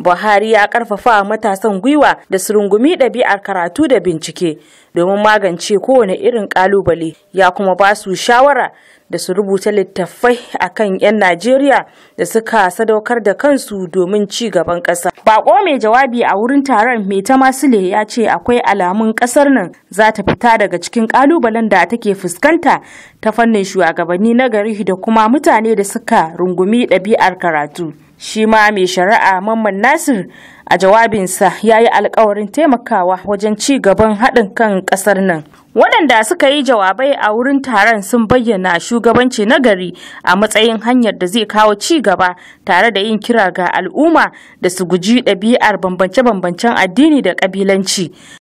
Buhari ya karfafa matasan gwiwa da su rungumi ɗabi'ar karatu da bincike domin magance kowane irin ƙalubale ya kuma ba su shawara da su rubuta littattafai a kan 'yan Najeriya da suka sadaukar da kansu domin ci gaban ƙasa. Bako mai jawabi a wurin taron mai ta masule ya ce akwai alamun ƙasar nan za ta fita daga cikin ƙalubalen da take fuskanta ta fannin shugabanni na gari da kuma mutane da suka rungumi ɗabi'ar karatu. shi ma mai shari'a mamman nasir a jawabinsa ya yi alkawarin taimakawa wajen ci gaban haɗin kan ƙasar nan waɗanda suka yi jawabai a wurin taron sun bayyana shugabanci na gari a matsayin hanyar da zai kawo ci gaba tare da yin kira ga al'umma da su guji ɗabi'ar bambance-bambancen addini da ƙabilanci